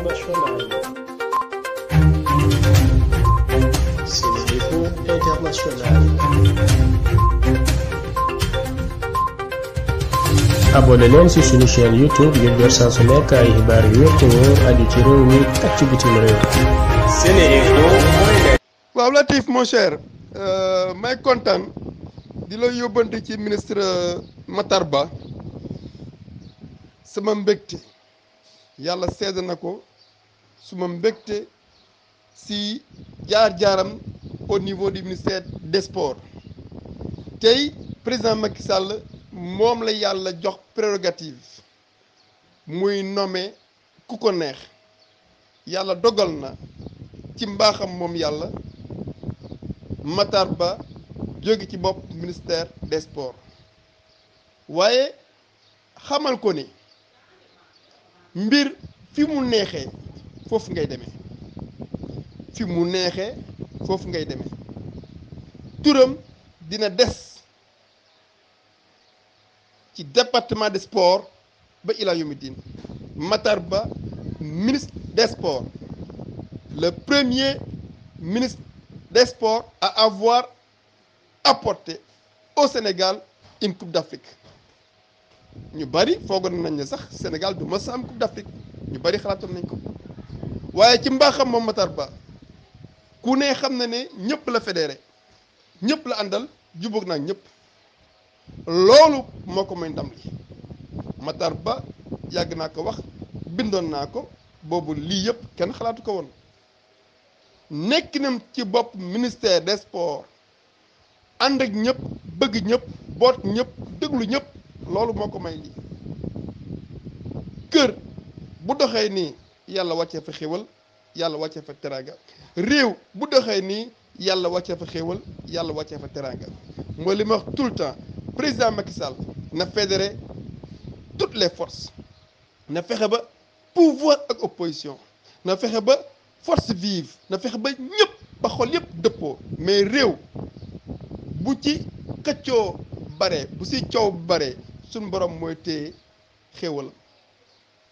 internationale. Sénéinfo International. abonné leen ci suñu chaîne ci réew mi waaw Latif mon euh, may kontaan di la yóbbante ci ministre euh, Matar Ba sama mbégte yàlla sedd na ko suma mbégte si jaar-jaaram au niveau du ministère des sports tey président Macky Sall moom la yàlla jox prérogative muy nome ku ko neex yàlla dogal na ci mbaaxam moom yàlla Matar Ba jóge ci bopp ministère des sports waaye xamal ko ni mbir fi mu neexee foofu ngay demee fi mu neexee foofu ngay demee turam dina des ci département de sports ba ilaa yomi diin Matar Ba ministre des sports le premier ministre des sports à avoir apporté au Sénégal une coupe d'Afrique ñu bari foogoon nañ ne sax Sénégal du mës a am d'Afrique ñu bari xalaatoon nañ ko. waaye ci mbaaxam moom Matar Ba ku ne xam na ne ñëpp la federe ñépp la àndal jubóog naa ñépp loolu moo ko may ndam li Matar Ba yàgg naa ko wax bindoon naa ko boobu lii yëpp kenn xalaatu ko woon nekk ci bopp ministère de sports ànd ak ñëpp bëgg ñëpp boot ñëpp déglu ñépp loolu moo ko may lii kër bu doxee nii yàlla wàccee fa xéwal yàlla wàccee fa teraanga réew bu doxee nii yàlla wàccee fa xéwal yàlla wàccee fa teraanga mooy li ma wax tout le temps président Macky na fédéré toutes les forces na fexe ba pouvoir ak opposition na fexe ba force vive na fexe ba ñëpp ba xool yëpp dëppoo mais réew bu ci xëccoo bare bu si coow bare suñ borom mooy téye xéwal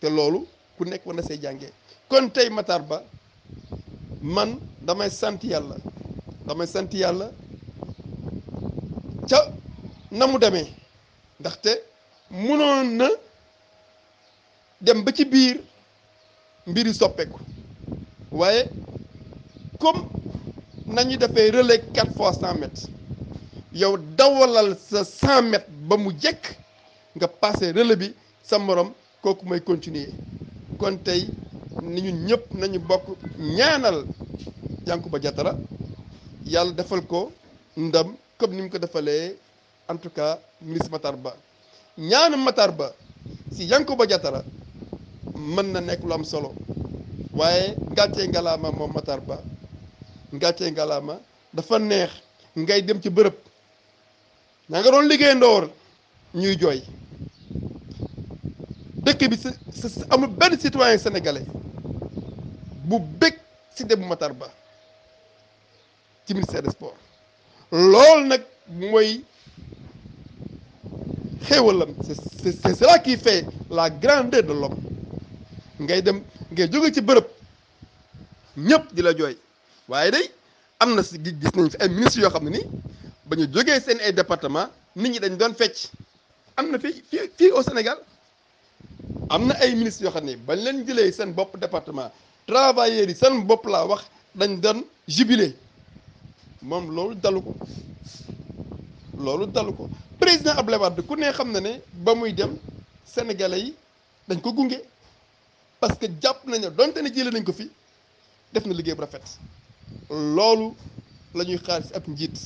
te loolu. ku nekk war na say jànge kon tey Matar Ba man damay sant yàlla damay sant yàlla ca na mu demee ndaxte mënoon na dem ba ci biir mbiri soppeeku waaye comme nañu defee relais quatre fois cent mètres yow dawalal sa cent mètres ba mu jëkk nga passé relais bi sa morom kooku may continuer kon tey ni ñun ñëpp nañu bokk ñaanal Yankuba jatara yàlla defal ko ndam comme ni mu ko defalee en tout cas ministre Matar Ba ñaanu Matar Ba si Yankuba jatara mën na nekk lu am solo waaye ngàccee ngalaama moom Matar Ba ngàccee ngalaama dafa neex ngay dem ci bërëb na nga doon liggéey ndoor ñuy jooy dëkk bi sa sa amul benn citoyen sénégalais bu bëgg si Demba motar Ba ci ministère des lool nag mooy xéewalam c'est c'est cela qui fait la grandeur de l'homme ngay dem ngay jóge ci bërëb ñëpp di la jooy waaye day am na si gis nañ fi ay ministres yoo xam ne ni ba ñu jógee seen ay département nit ñi dañ doon fecc am na fii fii fii au Sénégal am na ay ministres yoo xam ne bañ leen jëlee seen bopp département travailleurs yi seen bopp laa wax dañ doon jubilé moom loolu dalu ko loolu dalu ko président Abdoulaye Wade ku ne xam na ne ba muy dem sénégalais yi dañ ko gunge parce que jàpp nañu donte ne jëlee nañ ko fi def na liggéey bu rafet loolu la ñuy xaar si ab njiit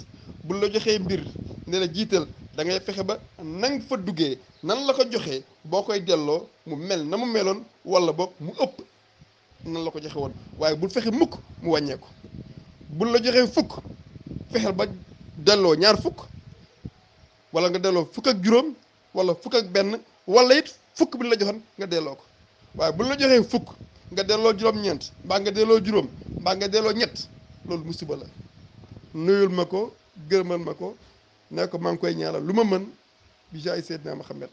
bu la joxee mbir ne la jiital. da ngay fexe ba nang fa duggee nan la ko joxe boo koy delloo mu mel na mu meloon wala boog mu ëpp nan la ko joxe woon waaye bul fexe mukk mu wàññeeku bul la joxee fukk fexeel ba delloo ñaar fukk wala nga delloo fukk ak juróom wala fukk ak benn wala it fukk bi la joxoon nga delloo ko waaye bul la joxee fukk nga delloo juróom-ñeent mbaa nga delloo juróom mbaa nga delloo ñett loolu musiba la nuyul ma ko gërëmal ma ko ne ko maa ngi koy ñaanal lu ma mën bi jaay Seydina Muhammad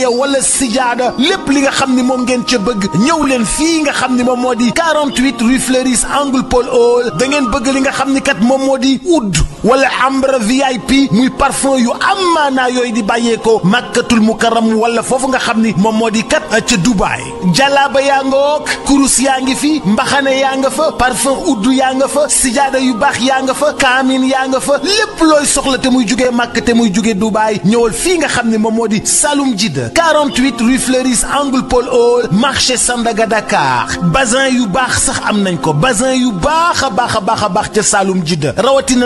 ataaya wala sijaada lépp li nga xam ni moom ngeen ca bëgg ñëw leen fii nga xam ni moom moo di 48 rue Fleuris angle Paul Hall da ngeen bëgg li nga xam ni kat moom moo di oud wala ambre VIP muy parfum yu am maanaa yooyu di bàyyeekoo màkkatul mukaram wala foofu nga xam ni moom moo di kat ca Dubaay jalaaba yaa nga wook kurus yaa ngi fi mbaxane yaa nga fa parfum uddu yaa nga fa sijaada yu baax yaa nga fa kaamin yaa nga fa lépp looy soxla te muy jugee màkk te muy jugee Dubaay ñëwal fii nga xam ni moom moo di salum Jidda 48 rue Fleuris angle Paul Hall marché Sandaga Dakar bazin yu baax sax am nañ ko bazin yu baax a baax a baax a baax ca Saloum Jidda rawatina